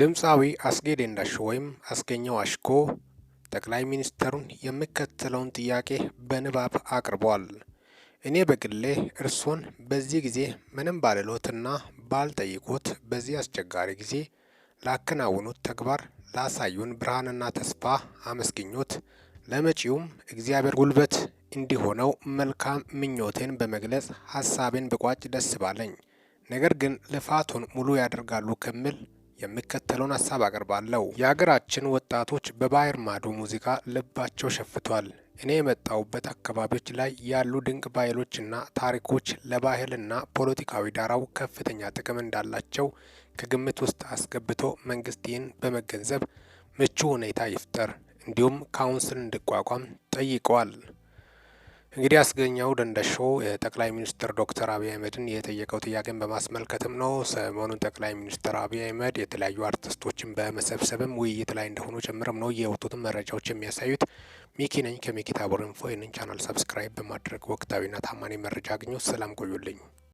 ድምፃዊ አስጌ እንዳሽ ወይም አስገኘው አሽኮ ጠቅላይ ሚኒስተሩን የሚከተለውን ጥያቄ በንባብ አቅርቧል። እኔ በግሌ እርስዎን በዚህ ጊዜ ምንም ባልሎትና ባልጠይቆት በዚህ አስቸጋሪ ጊዜ ላከናውኑት ተግባር ላሳዩን ብርሃንና ተስፋ አመስግኞት ለመጪውም እግዚአብሔር ጉልበት እንዲሆነው መልካም ምኞቴን በመግለጽ ሀሳቤን ብቋጭ ደስ ባለኝ። ነገር ግን ልፋቱን ሙሉ ያደርጋሉ ከሚል የሚከተለውን ሀሳብ አቀርባለሁ። የሀገራችን ወጣቶች በባህር ማዶ ሙዚቃ ልባቸው ሸፍቷል። እኔ የመጣሁበት አካባቢዎች ላይ ያሉ ድንቅ ባህሎችና ታሪኮች ለባህልና ፖለቲካዊ ዳራው ከፍተኛ ጥቅም እንዳላቸው ከግምት ውስጥ አስገብቶ መንግስት ይህን በመገንዘብ ምቹ ሁኔታ ይፍጠር፣ እንዲሁም ካውንስል እንዲቋቋም ጠይቀዋል። እንግዲህ አስገኘው ደንደሾ ጠቅላይ ሚኒስትር ዶክተር አብይ አህመድን የጠየቀው ጥያቄን በማስመልከትም ነው። ሰሞኑን ጠቅላይ ሚኒስትር አብይ አህመድ የተለያዩ አርቲስቶችን በመሰብሰብም ውይይት ላይ እንደሆኑ ጭምርም ነው የወጡትን መረጃዎች የሚያሳዩት። ሚኪ ነኝ ከሚኪ ታቦር ኢንፎ። ይህንን ቻናል ሰብስክራይብ በማድረግ ወቅታዊና ታማኒ መረጃ አግኙ። ሰላም ቆዩልኝ።